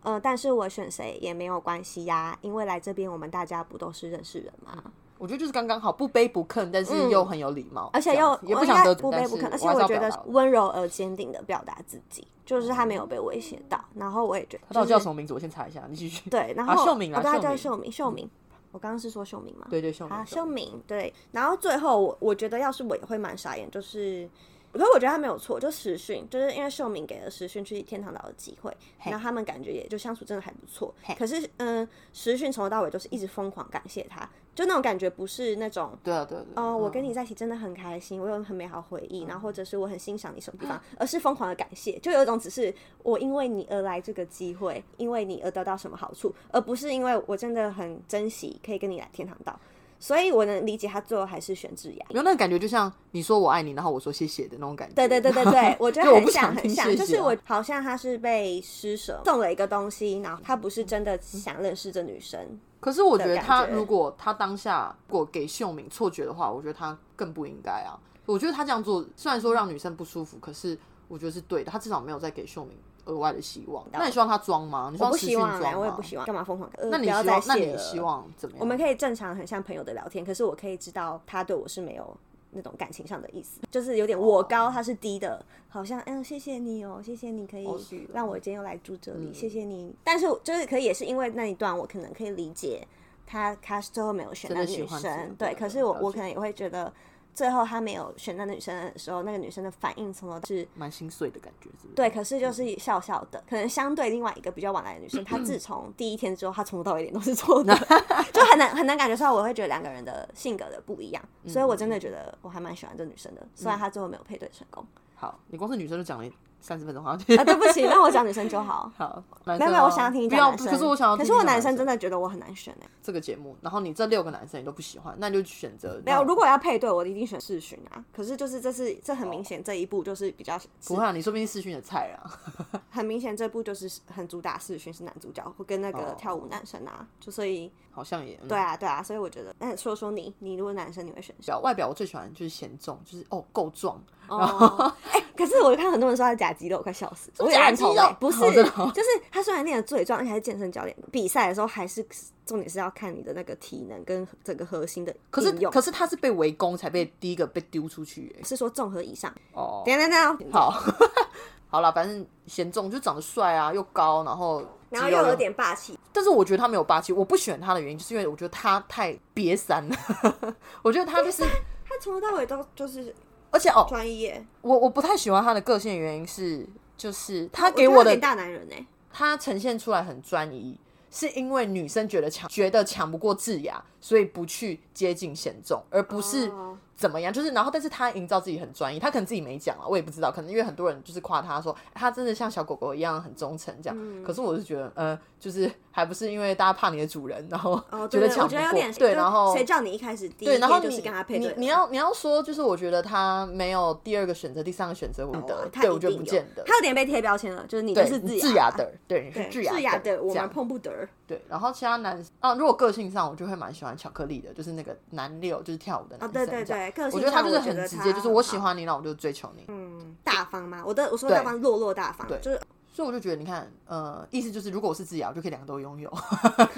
呃，但是我選誰也沒有關係呀、啊，因為來這邊我們大家不都是認識人嗎？嗯我覺得就是剛剛好，不卑不亢，但是又很有禮貌、嗯，而且又也不想我應該，不卑不亢，而且我覺得溫柔而堅定的表達自己，就是他沒有被威脅到。然後我也覺得、就是嗯，他到底叫什麼名字？我先查一下，你繼續。對，然後我知他叫秀明。秀明、哦啊嗯，我剛剛是說秀明嗎？對對,對，秀明。啊，秀明。對，然後最後我我覺得要是我也會蠻傻眼，就是。可是我覺得他沒有錯，就世勳，就是因為秀敏給了世勳去天堂島的機會，hey. 然後他們感覺也就相處真的還不錯。Hey. 可是，嗯，世勳從頭到尾就是一直瘋狂感謝他，就那種感覺不是那種對啊對對，對哦、嗯，我跟你在一起真的很開心，我有很美好回憶，然後或者是我很欣賞你什麼地方，嗯、而是瘋狂的感謝，就有一種只是我因為你而來這個機會，因為你而得到什麼好處，而不是因為我真的很珍惜可以跟你來天堂島。所以我能理解他最後還是選智雅，沒有那個感覺，就像你說我愛你，然後我說謝謝的那種感覺。對對對對對， [LAUGHS] 我覺得很想,不想聽謝謝啊、很想，就是我好像他是被施舍送了一個東西，然後他不是真的想認識這女生。可是我覺得他如果他當下過給秀敏錯覺的話，我覺得他更不應該啊。我覺得他這樣做雖然說讓女生不舒服，可是我覺得是對的。他至少沒有再給秀敏。額外的希望？那你希望他裝嗎，嗎？我不希望，我也不希望，幹嘛瘋狂、呃？那你希望？呃、要那你希望怎麼樣？我們可以正常很像朋友的聊天，可是我可以知道他對我是沒有那種感情上的意思，就是有點我高他是低的，哦、好像嗯、哎，謝謝你哦，謝謝你可以讓我今天又來住這裡，哦、謝謝你。嗯、但是就是可以也是因為那一段，我可能可以理解他，他最後沒有選那個女生，對、嗯，可是我我，我可能也會覺得。最後他沒有選那個女生的時候，那個女生的反應，從而是蠻心碎的感覺是是，對，可是就是笑笑的，可能相對另外一個比較晚來的女生，她 [LAUGHS] 自從第一天之後，她從頭到尾一點都是錯的， [LAUGHS] 就很難很難感覺出來。我會覺得兩個人的性格的不一樣，嗯、所以我真的覺得我還蠻喜歡這女生的，嗯，所以的生的嗯、雖然她最後沒有配對成功。好，你光是女生就講了。三十分鐘好像啊，對不起，那我講女生就好。好，啊、沒有沒有，我想要聽你男生。不要，可是我想可是我男生真的覺得我很難選呢、欸。這個節目，然後你這六個男生你都不喜歡，那就選擇、嗯、沒有。如果要配對，我一定選世勳啊。可是就是這是這很明顯，這一步就是比較是。不會、啊，你說不定世勳的菜啊。 [LAUGHS] 很明顯，這部就是很主打世勳是男主角，會跟那個跳舞男生啊，就所以。好像也、嗯、對啊，對啊，所以我覺得，那說說你，你如果男生，你會選小外表，我最喜歡就是賢中，就是哦夠壯。然後哦，哎、 [LAUGHS] 欸，可是我看很多人說他是假肌肉，我快笑死！假肌肉、啊哦欸、不是、哦哦，就是他雖然練的最壯，而且還是健身教練，比賽的時候還是重點是要看你的那個體能跟整個核心的。可是可是他是被圍攻才被第一個被丟出去、欸，是說綜合以上哦。等下，等下。好， [LAUGHS] 好了，反正賢中就長得帥啊，又高，然後。然後又有點霸氣，但是我覺得他沒有霸氣。我不喜歡他的原因，就是因為我覺得他太癟三了。 [LAUGHS] 我覺得他就是、欸、他，他從頭到尾都就是，而且哦，專業。我我不太喜歡他的個性的原因是，就是他給我的我大男人、欸、他呈現出來很專一，是因為女生覺得搶覺得搶不過智雅，所以不去接近賢中，而不是。哦怎麼樣？就是然後，但是他營造自己很專一，他可能自己沒講啊，我也不知道，可能因為很多人就是誇他說他真的像小狗狗一樣很忠誠這樣，嗯。可是我是覺得，呃，就是還不是因為大家怕你的主人，然後、哦、覺得搶不過對對對，我覺得有點，對，然後誰叫你一開始一對，對，然後你你，你，你要你要說，就是我覺得他沒有第二個選擇，第三個選擇，我覺得對，我覺得不見得，他有點被貼標籤了，就是你是智雅的，對，你是智雅的，我們碰不得。對，然後其他男生，啊，如果個性上，我就會蠻喜歡巧克力的，就是那個男六，就是跳舞的男生這樣。哦、對對對，我覺得他就是很直接，他很直接，就是我喜歡你，那我就追求你。嗯，大方嗎？我的我說大方，落落大方，對就是。所以我就覺得，你看，呃，意思就是，如果我是智雅，我就可以兩個都擁有。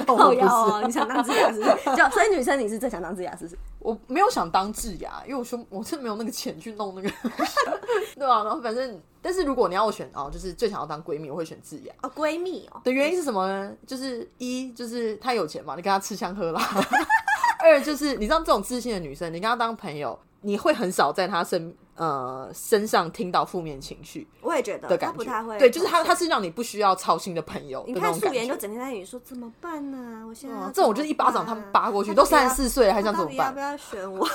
哦， [LAUGHS] 你想當智雅是不是？就所以女生你是最想當智雅是不是？我沒有想當智雅，因為我說我真的沒有那個錢去弄那個。 [LAUGHS] [LAUGHS] 對啊，然後反正，但是如果你要我選哦，就是最想要當閨蜜，我會選智雅。哦、閨蜜哦。的原因是什麼呢？就是一就是她有錢嘛，你跟她吃香喝辣。 [LAUGHS] [LAUGHS] 二就是你知道這種自信的女生，你跟她當朋友。你會很少在他身呃身上聽到負面情緒，我也覺得的感覺，對，就是他他是讓你不需要操心的朋友的那種感覺。你看素顏就整天在你說怎麼辦呢、啊？我現在、啊、這種就是一巴掌他們扒過去，都三十四歲了要要，還想怎麼辦？要不要選我？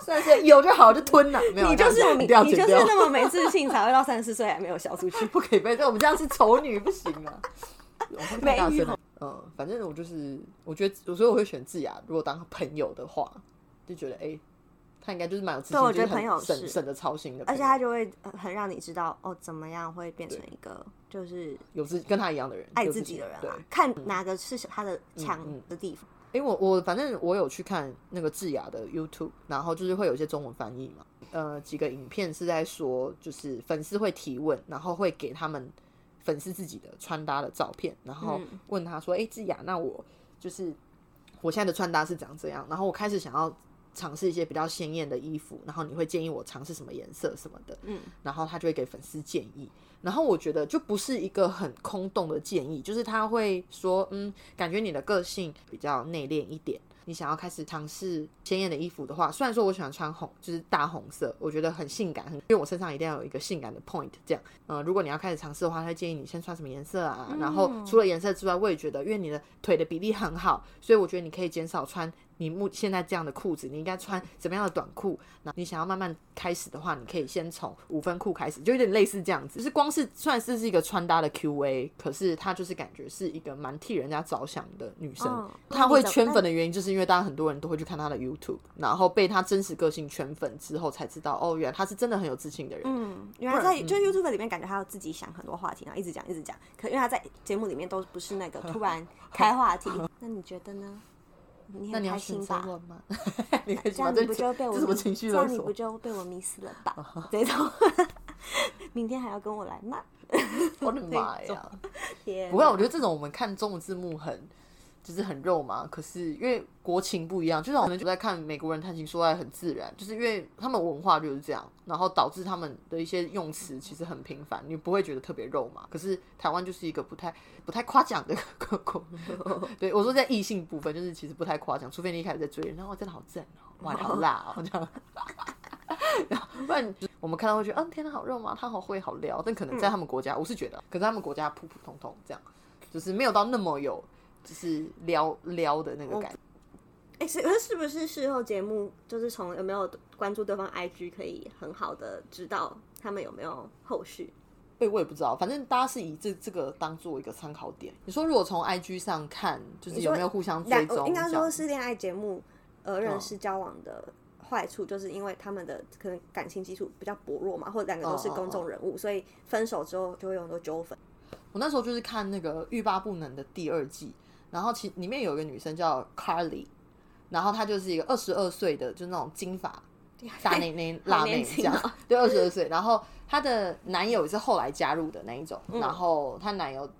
三十四歲有就好，就吞了。沒有，你就是你，要你，你就是那麼沒自信，才會到三十四歲還沒有笑出去。 [LAUGHS] 不可以被，但我們這樣是醜女，不行嗎、啊？沒， [LAUGHS] 嗯，反正我就是我覺得，所以我會選智雅、啊。如果當朋友的話，就覺得哎。欸他應該就是蠻有自信，對，就是神神，我覺得朋友是省得操心的，而且他就會很讓你知道哦，怎麼樣會變成一個就是有自跟他一樣的人，愛自己的人啊，人看哪個是他的強的地方。哎，嗯嗯嗯欸，我我反正我有去看那個智雅的 YouTube，然後就是會有一些中文翻譯嘛，呃，幾個影片是在說，就是粉絲會提問，然後會給他們粉絲自己的穿搭的照片，然後問他說：“哎，嗯，智，欸，雅，那我就是我現在的穿搭是怎樣怎樣。”然後我開始想要，嘗試一些比較鮮艷的衣服，然後你會建議我嘗試什麼顏色什麼的，嗯，然後他就會給粉絲建議，然後我覺得就不是一個很空洞的建議，就是他會說，嗯，感覺你的個性比較內斂一點，你想要開始嘗試鮮艷的衣服的話，雖然說我喜歡穿紅，就是大紅色，我覺得很性感，很，因為我身上一定要有一個性感的 point，這樣，嗯，如果你要開始嘗試的話，他會建議你先穿什麼顏色啊，嗯，然後除了顏色之外，我也覺得，因為你的腿的比例很好，所以我覺得你可以減少穿。你目現在這樣的褲子，你應該穿什麼樣的短褲？那你想要慢慢開始的話，你可以先從五分褲開始，就有點類似這樣子。就是光是雖然是是一個穿搭的 QA，可是她就是感覺是一個蠻替人家着想的女生。她、哦、會圈粉的原因，就是因為大家很多人都會去看她的 YouTube，然後被她真實個性圈粉之後，才知道哦，原來她是真的很有自信的人。嗯，原來在、嗯、YouTube 裡面感覺她要自己想很多話題，然後一直講一直講。可因為她在節目裡面都不是那個突然開話題。 [LAUGHS] [LAUGHS] 那你覺得呢？那你很開心吧？嗎？哈， [LAUGHS] 你開心嗎？這什麼情緒？你不就被我迷死 [LAUGHS] 了吧？這，你了吧、uh -huh. 這種， [LAUGHS] 明天還要跟我來罵？我 [LAUGHS] 的、哦、媽呀！不會、啊，我覺得這種我們看中文字幕很。其、就是很肉麻，可是因為國情不一樣，就是我們就在看美國人談情說愛很自然，就是因為他們文化就是這樣，然後導致他們的一些用詞其實很頻繁，你不會覺得特別肉麻。可是台灣就是一個不太不太誇獎的國，對，我說在異性部分就是其實不太誇獎，除非你一開始在追人，然後真的好讚哦、喔，哇，好辣哦這樣。 [LAUGHS] 然後不然我們看到會覺得，嗯、啊，天吶，好肉麻，他好會好撩，但可能在他們國家、嗯，我是覺得，可是他們國家普普通通這樣，就是沒有到那麼有。就是撩撩的那個感覺，哎、嗯，是、欸、那是不是事後節目就是從有沒有關注對方 I G 可以很好的知道他們有沒有後續？被、欸、我也不知道，反正大家是以這這個當做一個參考點。你說如果從 I G 上看，就是有沒有互相追蹤？應該說是戀愛節目，呃，認識交往的壞處就是因為他們的可能感情基礎比較薄弱嘛，或者兩個都是公眾人物、嗯嗯嗯嗯嗯嗯嗯，所以分手之後就會有很多糾紛。我那時候就是看那個慾罷不能的第二季。然後其裡面有一個女生叫 Carly，然後她就是一個二十二歲的就是、那種金髮大內內辣妹、喔、這樣， [LAUGHS] 對，二十二歲。然後她的男友是後來加入的那一種，嗯、然後她男友誒、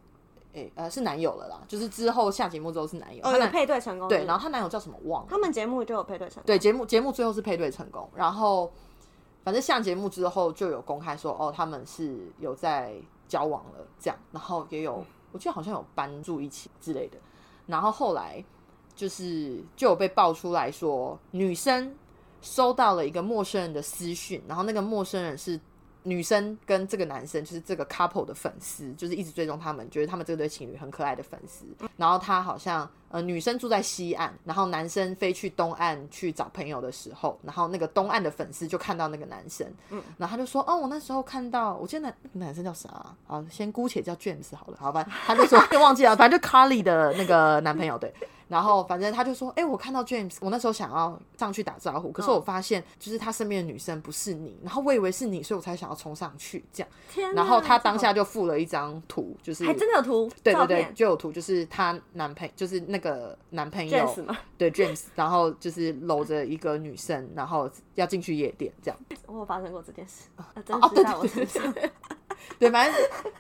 欸、呃是男友了啦，就是之後下節目之後是男友，他倆配對成功是是。對，然後她男友叫什麼？忘了。他們節目就有配對成，功，對節目節目最後是配對成功。然後反正下節目之後就有公開說哦，他們是有在交往了這樣，然後也有我記得好像有搬住一起之類的。然後後來，就是就有被爆出來說，女生收到了一個陌生人的私訊，然後那個陌生人是。女生跟這個男生就是這個 couple 的粉絲，就是一直追蹤他們，覺得他們這對情侶很可愛的粉絲。然後他好像呃，女生住在西岸，然後男生飛去東岸去找朋友的時候，然後那個東岸的粉絲就看到那個男生，嗯、然後他就說：“哦，我那時候看到，我記得男男生叫啥啊？先姑且叫卷子好了，好吧。他”他就說：“忘記了，反正就 Carly 的那個男朋友對。”然後反正他就說：“哎、欸，我看到 James，我那時候想要上去打招呼，可是我發現就是他身邊的女生不是你，然後我以為是你，所以我才想要衝上去這樣。然後他當下就附了一張圖，就是還真的有圖，對對對，就有圖，就是他男朋，就是那個男朋友，James 對 James，然後就是摟着一個女生， [LAUGHS] 然後要進去夜店這樣。我有發生過這件事，啊，真的在我是 [LAUGHS] [LAUGHS] 對，反正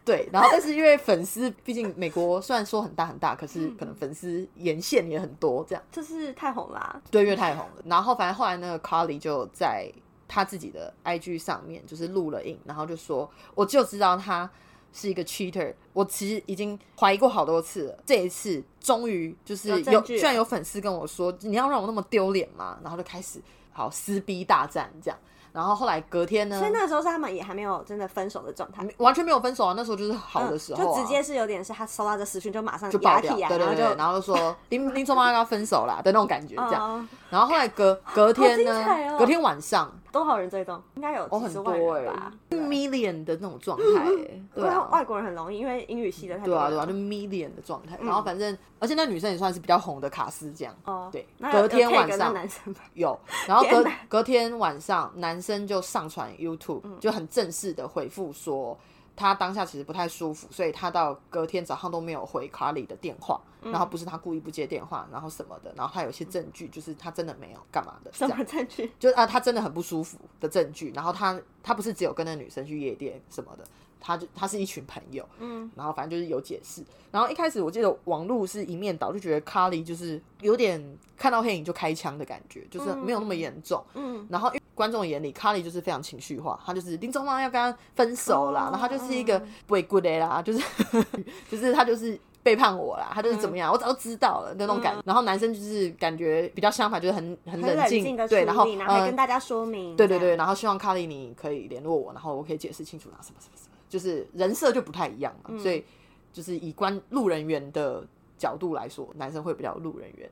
對，然後但是因為粉絲，畢竟美國雖然說很大很大，可是可能粉絲沿線也很多，這樣。就是太紅了啊。對，因為太紅了。然後反正後來那個 Carly 就在他自己的 IG 上面就是錄了影，然後就說：“我就知道他是一個 cheater，我其實已經懷疑過好多次了，這一次終於就是有，有居然有粉絲跟我說：你要讓我那麼丟臉嗎？然後就開始好撕逼大戰這樣。”然後後來隔天呢，所以那時候是他們也還沒有真的分手的狀態，完全沒有分手啊，那時候就是好的時候、啊嗯，就直接是有點是他收到這私訊就馬上、啊、就爆掉，對對對，然後就，然後就說丁丁咚媽要分手啦的那種感覺，這樣，哦、然後後來隔隔天呢、哦，隔天晚上。多少人追蹤？應該有幾十萬人吧 million 的那種狀態、欸 [COUGHS] 對，啊對啊，外國人很容易，因為英語系的太多了。對對啊，就 million 的狀態、嗯。然後反正，而且那女生也算是比較紅的卡司，這、嗯、樣。對。隔天晚上有，男生有，然後隔天隔天晚上男生就上傳 YouTube，就很正式的回復說。嗯嗯他當下其實不太舒服，所以他到隔天早上都沒有回卡里的電話。嗯，然後不是他故意不接電話，然後什麼的。然後他有一些證據，就是他真的沒有幹嘛的。什麼證據？就是啊，他真的很不舒服的證據。然後他他不是只有跟那女生去夜店什麼的。他就他是一群朋友，嗯，然後反正就是有解釋。然後一開始我記得網絡是一面倒，就覺得卡莉就是有點看到黑影就開槍的感覺，就是沒有那麼嚴重，嗯。嗯，然後因為觀眾眼裡卡莉就是非常情緒化，他就是丁宗旺要跟他分手啦、嗯，然後他就是一個背骨的啦，就是 [LAUGHS] 就是他就是背叛我啦，他就是怎麼樣，嗯、我早就知道了那種感、嗯。然後男生就是感覺比較相反，就是很很冷靜，很冷靜的，對，然後，然後、呃、可以跟大家說明，對對對，對，然後希望卡莉你可以聯絡我，然後我可以解釋清楚啦什麼什麼什麼。就是人設就不太一樣嘛，嗯、所以就是以觀路人緣的角度來說，男生會比較路人緣。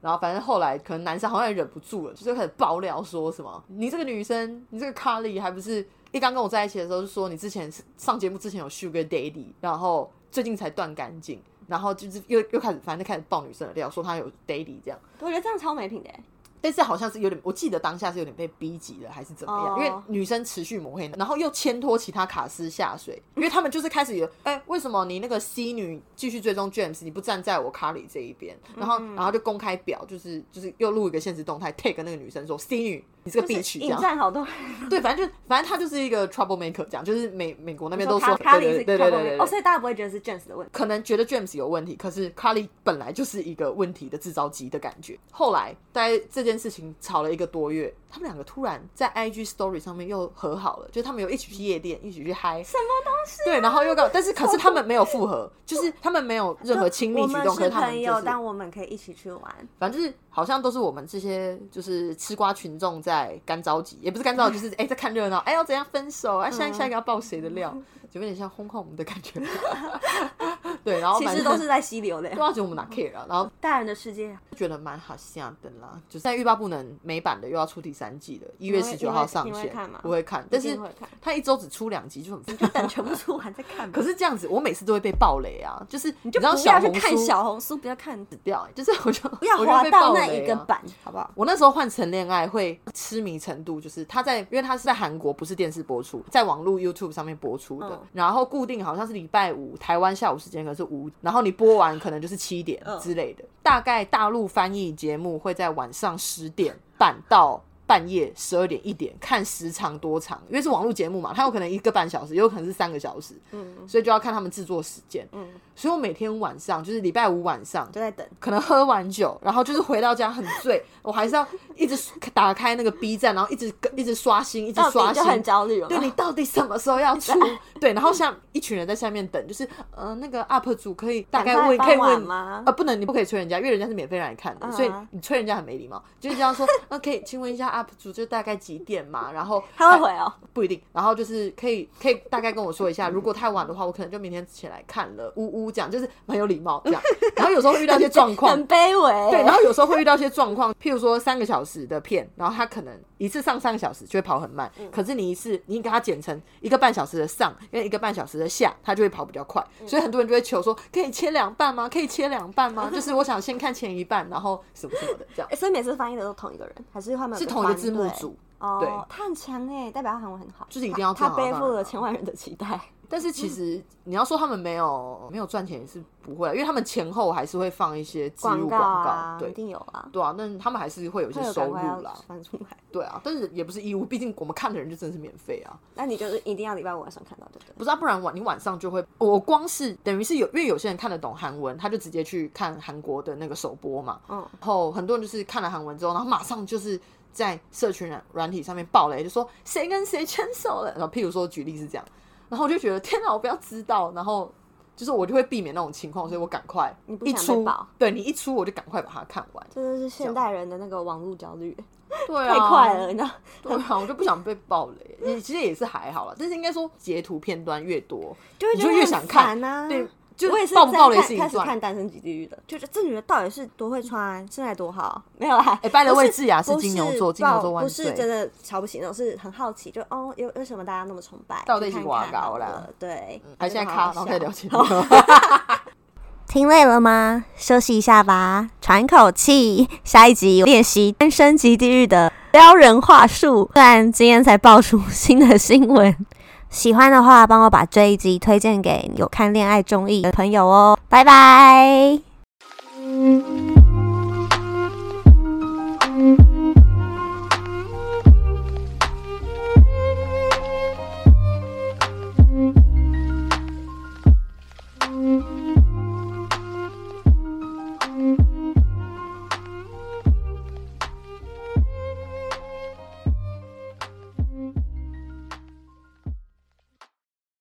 然後反正後來可能男生好像也忍不住了，就是開始爆料說什麼，你這個女生，你這個咖喱還不是一剛跟我在一起的時候就說你之前上節目之前有 sugar daddy，然後最近才斷乾淨，然後就是又又開始，反正就開始爆女生的料，說她有 daddy 這樣。我覺得這樣超沒品的。但是好像是有點，我記得當下是有點被逼急了，還是怎麼樣？Oh. 因為女生持續抹黑，然後又牽拖其他卡司下水，因為他們就是開始有，哎、欸，為什麼你那個 C 女繼續追蹤 James，你不站在我卡里這一邊，mm -hmm. 然後，然後就公開表，就是就是又錄一個限時動態，take 那個女生說、mm -hmm. C 女。你這個必須這樣。好多， [LAUGHS] 對，反正就反正他就是一個 trouble maker，這樣，就是美美國那邊都說，說卡里對 trouble 對 maker，對對對對對對對哦，所以大家不會覺得是 James 的問題，可能覺得 James 有問題，可是卡里本來就是一個問題的制造機的感覺。後來在這件事情吵了一個多月，他們兩個突然在 IG story 上面又和好了，就是他們有一起去夜店，一起去嗨，什麼東西、啊？對，然後又告，但是可是他們沒有復合，就是他們沒有任何親密舉動，跟朋友他們、就是，但我們可以一起去玩。反正、就是、好像都是我們這些就是吃瓜群眾在。在乾着急，也不是乾着急，就是哎、欸，在看熱鬧，哎，要怎樣分手？哎、啊，下一下一個要爆誰的料？嗯有點像《轟轟我們的感覺， [LAUGHS] 對，然後其實都是在溪流的，多少覺得我們 care 了，然後大人的世界、啊、覺得蠻好笑的啦，就是欲罷不能。美版的又要出第三季了，一月十九號上線，不會看，但是一會看它一周只出兩集就很，就就等全部出完再看吧。可是這樣子，我每次都會被暴雷啊，就是你就不要去看小紅書，不要看死掉，就是我就不要滑到那一個版、啊，好不好？ [LAUGHS] 我那時候換成戀愛會痴迷程度，就是他在，因為他是在韓國，不是電視播出，在網絡 YouTube 上面播出的。嗯然後固定好像是禮拜五，台灣下午時間可能是五，然後你播完可能就是七點之類的，大概大陸翻譯節目會在晚上十點半到。半夜十二點一點看時長多長，因為是網絡節目嘛，它有可能一個半小時，也有可能是三個小時，嗯，所以就要看他們制作時間，嗯，所以我每天晚上就是禮拜五晚上就在等，可能喝完酒，然後就是回到家很醉， [LAUGHS] 我還是要一直打開那個 B 站，然後一直一直刷新，一直刷新，就很焦慮， [LAUGHS] 對，你到底什麼時候要出？ [LAUGHS] 對，然後像一群人在下面等，就是呃那個 UP 主可以大概問一問嗎？啊、呃，不能，你不可以催人家，因為人家是免費讓你看的，uh-huh. 所以你催人家很沒禮貌，就這樣說 [LAUGHS] ，OK，請問一下啊。就大概幾點嘛，然後他，他會回哦，不一定。然後就是可以可以大概跟我說一下、嗯，如果太晚的話，我可能就明天起來看了。嗚嗚，這樣就是蠻有禮貌這樣。然後有時候會遇到一些狀況， [LAUGHS] 很卑微、欸。對，然後有時候會遇到一些狀況，譬如說三個小時的片，然後他可能一次上三個小時就會跑很慢，嗯、可是你一次你給他剪成一個半小時的上，因為一個半小時的下他就會跑比較快，所以很多人就會求說、嗯、可以切兩半嗎？可以切兩半嗎？就是我想先看前一半，然後什麼什麼的這樣。欸、所以每次翻譯的都同一個人，還是他們是同一個？字幕組，對，他、哦、很強、欸、代表他韓文很好，就是一定要。他背負了千萬人的期待。但是其實、嗯、你要說他們沒有沒有賺錢也是不會，因為他們前後還是會放一些置入廣告，廣告、啊，對，一定有啊。對啊，那他們還是會有一些收入啦。翻出來，對啊，但是也不是義務，畢竟我們看的人就真的是免費啊。 [LAUGHS] 那你就是一定要禮拜五晚上看到就對了， [LAUGHS] 不是啊，不然晚你晚上就會，我光是等於是有，因為有些人看得懂韓文，他就直接去看韓國的那個首播嘛。嗯，然後很多人就是看了韓文之後，然後馬上就是。在社群軟軟體上面爆雷，就說誰跟誰牽手了。然後譬如說舉例是這樣，然後我就覺得天哪，我不要知道。然後就是我就會避免那種情況，所以我趕快一出，你不想對，你一出我就趕快把它看完。真的是現代人的那個網絡焦慮，對啊，太快了。你知道，對啊，我就不想被爆雷。 [LAUGHS] 你其實也是還好了，但是應該說截圖片段越多，就你就越想看、啊、對。就我也是在看是，開始看《單身即地獄》的，就是這女的到底是多會穿，身材多好，沒有啦。誒、欸，拜的位置呀、啊、是，是金牛座，金牛座不是真的瞧不起那種，我是很好奇，就哦，為為什麼大家那麼崇拜？到底是刮高了看看對，對，還現在卡，然後可太了解。啊就是、好好 [LAUGHS] 聽累了嗎？休息一下吧，喘口氣。下一集練習《單身即地獄》的撩人話術。雖然今天才爆出新的新聞。喜歡的話，幫我把這一集推薦給有看戀愛綜藝的朋友哦。拜拜。